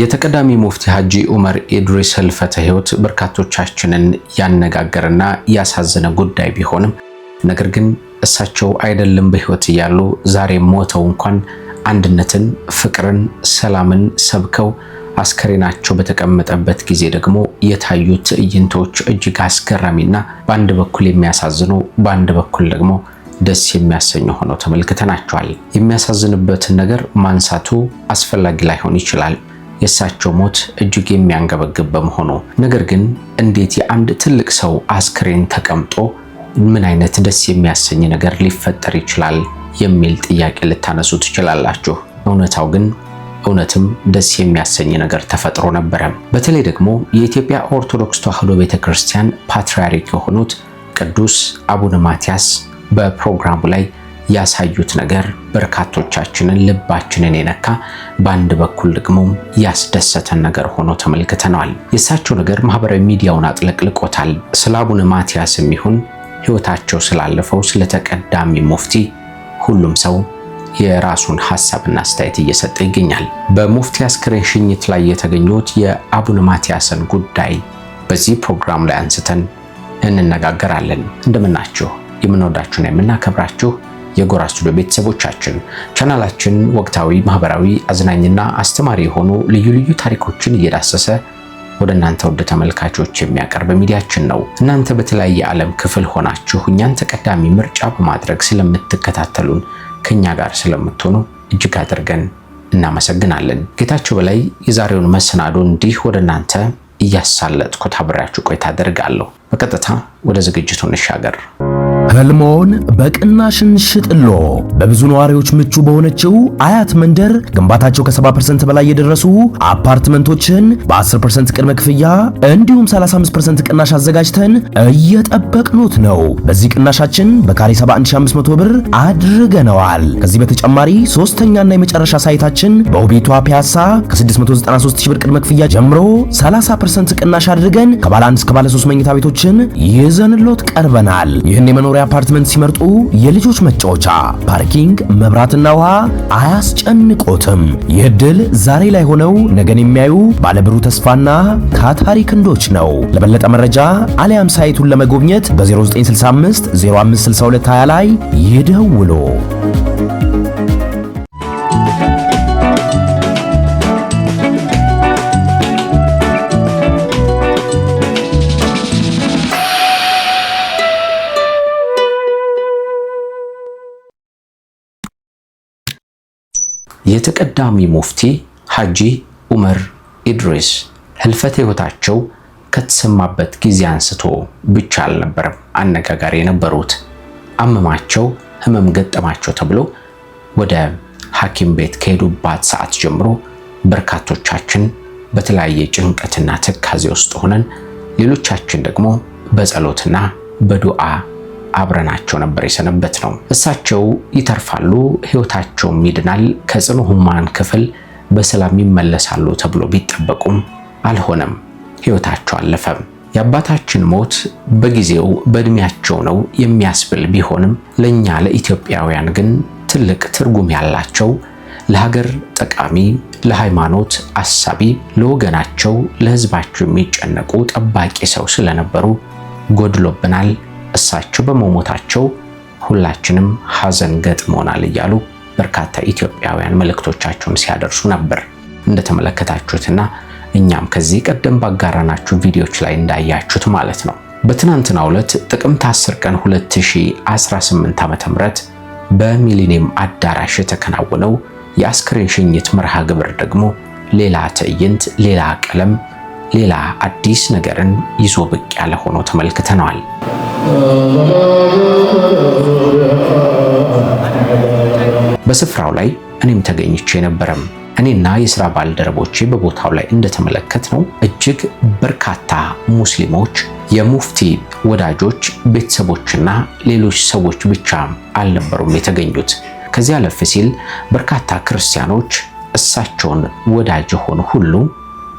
የተቀዳሚ ሙፍቲ ሀጂ ዑመር ኢድሪስ ህልፈተ ህይወት በርካቶቻችንን ያነጋገርና ያሳዘነ ጉዳይ ቢሆንም ነገር ግን እሳቸው አይደለም በህይወት እያሉ ዛሬ ሞተው እንኳን አንድነትን፣ ፍቅርን፣ ሰላምን ሰብከው አስከሬናቸው በተቀመጠበት ጊዜ ደግሞ የታዩ ትዕይንቶች እጅግ አስገራሚና በአንድ በኩል የሚያሳዝኑ በአንድ በኩል ደግሞ ደስ የሚያሰኙ ሆነው ተመልክተናቸዋል። የሚያሳዝንበትን ነገር ማንሳቱ አስፈላጊ ላይሆን ይችላል። የእሳቸው ሞት እጅግ የሚያንገበግብ በመሆኑ ነገር ግን እንዴት የአንድ ትልቅ ሰው አስክሬን ተቀምጦ ምን አይነት ደስ የሚያሰኝ ነገር ሊፈጠር ይችላል የሚል ጥያቄ ልታነሱ ትችላላችሁ። እውነታው ግን እውነትም ደስ የሚያሰኝ ነገር ተፈጥሮ ነበረ። በተለይ ደግሞ የኢትዮጵያ ኦርቶዶክስ ተዋሕዶ ቤተክርስቲያን ፓትርያርክ የሆኑት ቅዱስ አቡነ ማትያስ በፕሮግራሙ ላይ ያሳዩት ነገር በርካቶቻችንን ልባችንን የነካ በአንድ በኩል ደግሞ ያስደሰተን ነገር ሆኖ ተመልክተነዋል። የእሳቸው ነገር ማህበራዊ ሚዲያውን አጥለቅልቆታል። ስለ አቡነ ማትያስ የሚሆን ህይወታቸው ስላለፈው ስለ ተቀዳሚ ሙፍቲ ሁሉም ሰው የራሱን ሀሳብና አስተያየት እየሰጠ ይገኛል። በሙፍቲ አስክሬን ሽኝት ላይ የተገኙት የአቡነ ማትያስን ጉዳይ በዚህ ፕሮግራም ላይ አንስተን እንነጋገራለን። እንደምናችሁ የምንወዳችሁና የምናከብራችሁ የጎራ ስቱዲዮ ቤተሰቦቻችን ቻናላችን ወቅታዊ፣ ማህበራዊ፣ አዝናኝና አስተማሪ የሆኑ ልዩ ልዩ ታሪኮችን እየዳሰሰ ወደ እናንተ ወደ ተመልካቾች የሚያቀርብ ሚዲያችን ነው። እናንተ በተለያየ ዓለም ክፍል ሆናችሁ እኛን ተቀዳሚ ምርጫ በማድረግ ስለምትከታተሉን ከኛ ጋር ስለምትሆኑ እጅግ አድርገን እናመሰግናለን። ጌታቸው በላይ የዛሬውን መሰናዶ እንዲህ ወደ እናንተ እያሳለጥኩት አብሬያችሁ ቆይታ አደርጋለሁ። በቀጥታ ወደ ዝግጅቱ እንሻገር። ህልሞን በቅናሽ እንሽጥሎ በብዙ ነዋሪዎች ምቹ በሆነችው አያት መንደር ግንባታቸው ከ70% በላይ የደረሱ አፓርትመንቶችን በ10% ቅድመ ክፍያ እንዲሁም 35% ቅናሽ አዘጋጅተን እየጠበቅኑት ነው። በዚህ ቅናሻችን በካሬ 71500 ብር አድርገነዋል። ከዚህ በተጨማሪ ሶስተኛና የመጨረሻ ሳይታችን በውቤቷ ፒያሳ ከ 693000 ብር ቅድመ ክፍያ ጀምሮ 30% ቅናሽ አድርገን ከባለ 1 እስከ ባለ 3 መኝታ ቤቶችን ይዘንሎት ቀርበናል። ይህን መኖሪያ አፓርትመንት ሲመርጡ የልጆች መጫወቻ፣ ፓርኪንግ፣ መብራትና ውሃ አያስጨንቆትም። ይህ ድል ዛሬ ላይ ሆነው ነገን የሚያዩ ባለብሩህ ተስፋና ታታሪ ክንዶች ነው። ለበለጠ መረጃ አሊያም ሳይቱን ለመጎብኘት በ0965 056220 ላይ ይደውሉ። የተቀዳሚ ሙፍቲ ሐጂ ዑመር ኢድሪስ ህልፈት ህይወታቸው ከተሰማበት ጊዜ አንስቶ ብቻ አልነበረም አነጋጋሪ የነበሩት። አመማቸው፣ ህመም ገጠማቸው ተብሎ ወደ ሐኪም ቤት ከሄዱባት ሰዓት ጀምሮ በርካቶቻችን በተለያየ ጭንቀትና ትካዜ ውስጥ ሆነን፣ ሌሎቻችን ደግሞ በጸሎትና በዱዓ አብረናቸው ነበር የሰነበት ነው። እሳቸው ይተርፋሉ፣ ህይወታቸውም ይድናል፣ ከጽኑ ህሙማን ክፍል በሰላም ይመለሳሉ ተብሎ ቢጠበቁም አልሆነም። ህይወታቸው አለፈም። የአባታችን ሞት በጊዜው በእድሜያቸው ነው የሚያስብል ቢሆንም ለእኛ ለኢትዮጵያውያን ግን ትልቅ ትርጉም ያላቸው ለሀገር ጠቃሚ፣ ለሃይማኖት አሳቢ፣ ለወገናቸው ለህዝባቸው የሚጨነቁ ጠባቂ ሰው ስለነበሩ ጎድሎብናል። እሳቸው በመሞታቸው ሁላችንም ሐዘን ገጥሞናል እያሉ በርካታ ኢትዮጵያውያን መልእክቶቻቸውን ሲያደርሱ ነበር። እንደተመለከታችሁትና እኛም ከዚህ ቀደም ባጋራናችሁ ቪዲዮዎች ላይ እንዳያችሁት ማለት ነው። በትናንትናው ዕለት ጥቅምት 10 ቀን 2018 ዓ.ም በሚሊኒየም አዳራሽ የተከናወነው የአስክሬን ሽኝት መርሃ ግብር ደግሞ ሌላ ትዕይንት፣ ሌላ ቀለም ሌላ አዲስ ነገርን ይዞ ብቅ ያለ ሆኖ ተመልክተነዋል። በስፍራው ላይ እኔም ተገኝቼ ነበረም። እኔና የስራ ባልደረቦቼ በቦታው ላይ እንደተመለከት ነው እጅግ በርካታ ሙስሊሞች የሙፍቲ ወዳጆች፣ ቤተሰቦችና ሌሎች ሰዎች ብቻ አልነበሩም የተገኙት። ከዚያ አለፍ ሲል በርካታ ክርስቲያኖች እሳቸውን ወዳጅ የሆኑ ሁሉ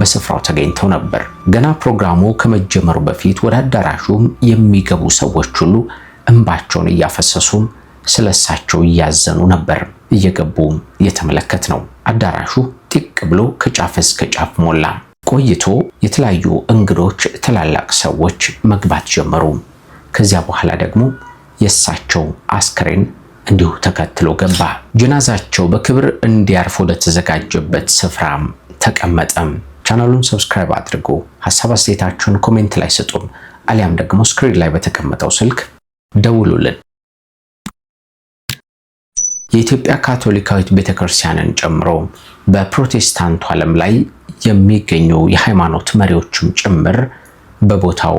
በስፍራው ተገኝተው ነበር። ገና ፕሮግራሙ ከመጀመሩ በፊት ወደ አዳራሹም የሚገቡ ሰዎች ሁሉ እንባቸውን እያፈሰሱም ስለ እሳቸው እያዘኑ ነበር። እየገቡም እየተመለከት ነው። አዳራሹ ጥቅ ብሎ ከጫፍ እስከ ጫፍ ሞላ። ቆይቶ የተለያዩ እንግዶች፣ ትላላቅ ሰዎች መግባት ጀመሩ። ከዚያ በኋላ ደግሞ የእሳቸው አስክሬን እንዲሁ ተከትሎ ገባ። ጀናዛቸው በክብር እንዲያርፍ ወደ ተዘጋጀበት ስፍራም ተቀመጠም። ቻናሉን ሰብስክራይብ አድርጉ። ሀሳብ አስተያየታችሁን ኮሜንት ላይ ስጡም አሊያም ደግሞ ስክሪን ላይ በተቀመጠው ስልክ ደውሉልን። የኢትዮጵያ ካቶሊካዊት ቤተክርስቲያንን ጨምሮ በፕሮቴስታንቱ ዓለም ላይ የሚገኙ የሃይማኖት መሪዎችም ጭምር በቦታው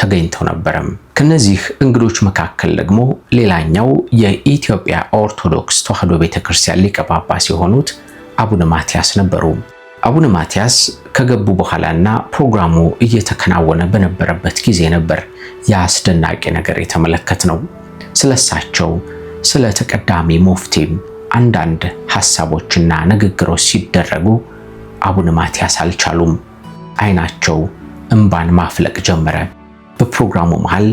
ተገኝተው ነበረም። ከነዚህ እንግዶች መካከል ደግሞ ሌላኛው የኢትዮጵያ ኦርቶዶክስ ተዋሕዶ ቤተክርስቲያን ሊቀ ጳጳስ የሆኑት አቡነ ማትያስ ነበሩ። አቡነ ማትያስ ከገቡ በኋላና ፕሮግራሙ እየተከናወነ በነበረበት ጊዜ ነበር ያ አስደናቂ ነገር የተመለከት ነው። ስለሳቸው ስለ ተቀዳሚ ሙፍቲም አንዳንድ ሐሳቦችና ንግግሮች ሲደረጉ አቡነ ማትያስ አልቻሉም። አይናቸው እምባን ማፍለቅ ጀመረ። በፕሮግራሙ መሃል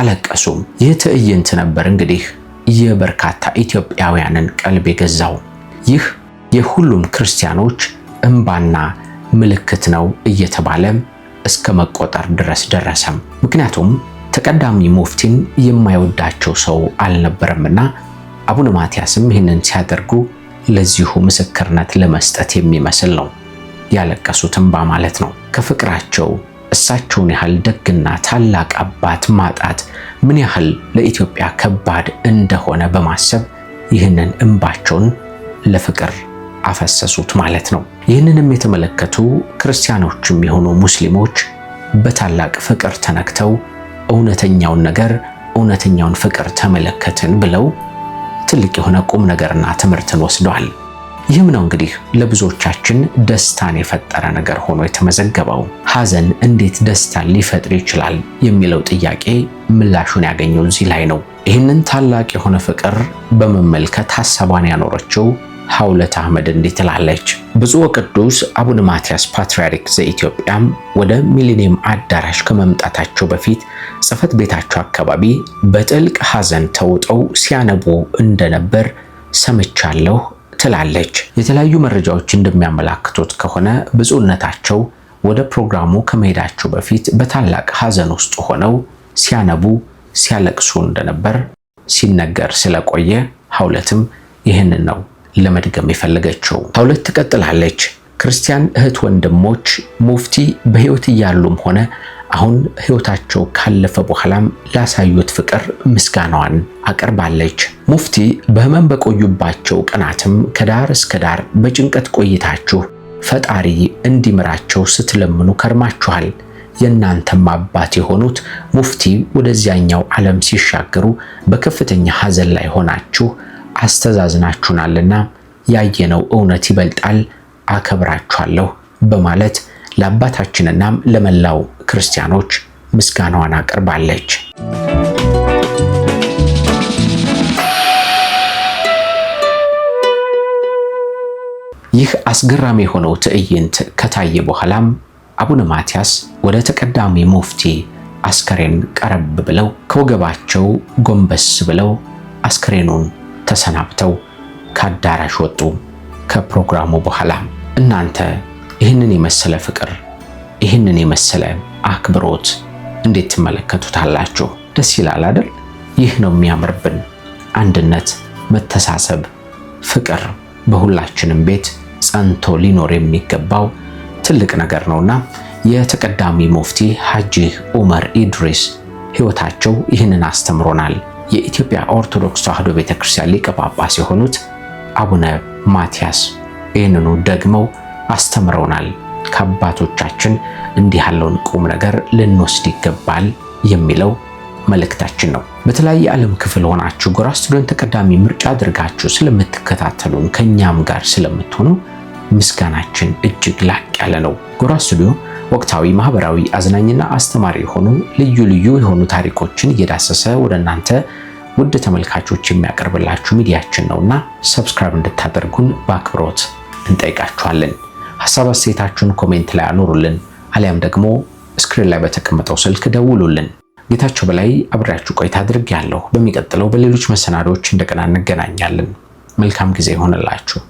አለቀሱም። ይህ ትዕይንት ነበር እንግዲህ የበርካታ ኢትዮጵያውያንን ቀልብ የገዛው። ይህ የሁሉም ክርስቲያኖች እምባና ምልክት ነው እየተባለም እስከ መቆጠር ድረስ ደረሰም። ምክንያቱም ተቀዳሚ ሙፍቲን የማይወዳቸው ሰው አልነበረምና አቡነ ማትያስም ይህንን ሲያደርጉ ለዚሁ ምስክርነት ለመስጠት የሚመስል ነው። ያለቀሱት እንባ ማለት ነው። ከፍቅራቸው እሳቸውን ያህል ደግና ታላቅ አባት ማጣት ምን ያህል ለኢትዮጵያ ከባድ እንደሆነ በማሰብ ይህንን እንባቸውን ለፍቅር አፈሰሱት ማለት ነው። ይህንንም የተመለከቱ ክርስቲያኖችም የሆኑ ሙስሊሞች በታላቅ ፍቅር ተነክተው እውነተኛውን ነገር እውነተኛውን ፍቅር ተመለከትን ብለው ትልቅ የሆነ ቁም ነገርና ትምህርትን ወስደዋል። ይህም ነው እንግዲህ ለብዙዎቻችን ደስታን የፈጠረ ነገር ሆኖ የተመዘገበው። ሐዘን እንዴት ደስታን ሊፈጥር ይችላል የሚለው ጥያቄ ምላሹን ያገኘው እዚህ ላይ ነው። ይህንን ታላቅ የሆነ ፍቅር በመመልከት ሐሳቧን ያኖረችው ሐውለት አህመድ እንዲህ ትላለች። ብፁዕ ቅዱስ አቡነ ማትያስ ፓትርያርክ ዘኢትዮጵያም ወደ ሚሊኒየም አዳራሽ ከመምጣታቸው በፊት ጽፈት ቤታቸው አካባቢ በጥልቅ ሐዘን ተውጠው ሲያነቡ እንደነበር ሰምቻለሁ ትላለች። የተለያዩ መረጃዎች እንደሚያመላክቱት ከሆነ ብፁዕነታቸው ወደ ፕሮግራሙ ከመሄዳቸው በፊት በታላቅ ሐዘን ውስጥ ሆነው ሲያነቡ፣ ሲያለቅሱ እንደነበር ሲነገር ስለቆየ ሐውለትም ይህንን ነው ለመድገም የፈለገችው። ከሁለት ትቀጥላለች። ክርስቲያን እህት ወንድሞች ሙፍቲ በህይወት እያሉም ሆነ አሁን ህይወታቸው ካለፈ በኋላም ላሳዩት ፍቅር ምስጋናዋን አቀርባለች። ሙፍቲ በህመም በቆዩባቸው ቀናትም ከዳር እስከ ዳር በጭንቀት ቆይታችሁ ፈጣሪ እንዲምራቸው ስትለምኑ ከርማችኋል። የእናንተም አባት የሆኑት ሙፍቲ ወደዚያኛው ዓለም ሲሻገሩ በከፍተኛ ሐዘን ላይ ሆናችሁ አስተዛዝናችሁናልና ያየነው እውነት ይበልጣል፣ አከብራችኋለሁ በማለት ለአባታችንናም ለመላው ክርስቲያኖች ምስጋናዋን አቅርባለች። ይህ አስገራሚ የሆነው ትዕይንት ከታየ በኋላም አቡነ ማትያስ ወደ ተቀዳሚ ሙፍቲ አስከሬን ቀረብ ብለው ከወገባቸው ጎንበስ ብለው አስከሬኑን ተሰናብተው ከአዳራሽ ወጡ። ከፕሮግራሙ በኋላ እናንተ ይህንን የመሰለ ፍቅር፣ ይህንን የመሰለ አክብሮት እንዴት ትመለከቱታላችሁ? ደስ ይላል አይደል? ይህ ነው የሚያምርብን። አንድነት፣ መተሳሰብ፣ ፍቅር በሁላችንም ቤት ጸንቶ ሊኖር የሚገባው ትልቅ ነገር ነውና የተቀዳሚ ሙፍቲ ሐጂ ዑመር ኢድሪስ ሕይወታቸው ይህንን አስተምሮናል። የኢትዮጵያ ኦርቶዶክስ ተዋሕዶ ቤተክርስቲያን ሊቀ ጳጳስ የሆኑት አቡነ ማትያስ ይህንኑ ደግመው አስተምረውናል። ከአባቶቻችን እንዲህ ያለውን ቁም ነገር ልንወስድ ይገባል የሚለው መልእክታችን ነው። በተለያየ ዓለም ክፍል ሆናችሁ ጎራ ስቱዲዮን ተቀዳሚ ምርጫ አድርጋችሁ ስለምትከታተሉን ከእኛም ጋር ስለምትሆኑ ምስጋናችን እጅግ ላቅ ያለ ነው። ጎራ ስቱዲዮ ወቅታዊ፣ ማህበራዊ፣ አዝናኝና አስተማሪ የሆኑ ልዩ ልዩ የሆኑ ታሪኮችን እየዳሰሰ ወደ እናንተ ውድ ተመልካቾች የሚያቀርብላችሁ ሚዲያችን ነውና ሰብስክራይብ እንድታደርጉን በአክብሮት እንጠይቃችኋለን። ሀሳብ አስተያየታችሁን ኮሜንት ላይ አኖሩልን፣ አሊያም ደግሞ ስክሪን ላይ በተቀመጠው ስልክ ደውሉልን። ጌታቸው በላይ አብሬያችሁ ቆይታ አድርጌያለሁ። በሚቀጥለው በሌሎች መሰናዶዎች እንደገና እንገናኛለን። መልካም ጊዜ ይሆንላችሁ።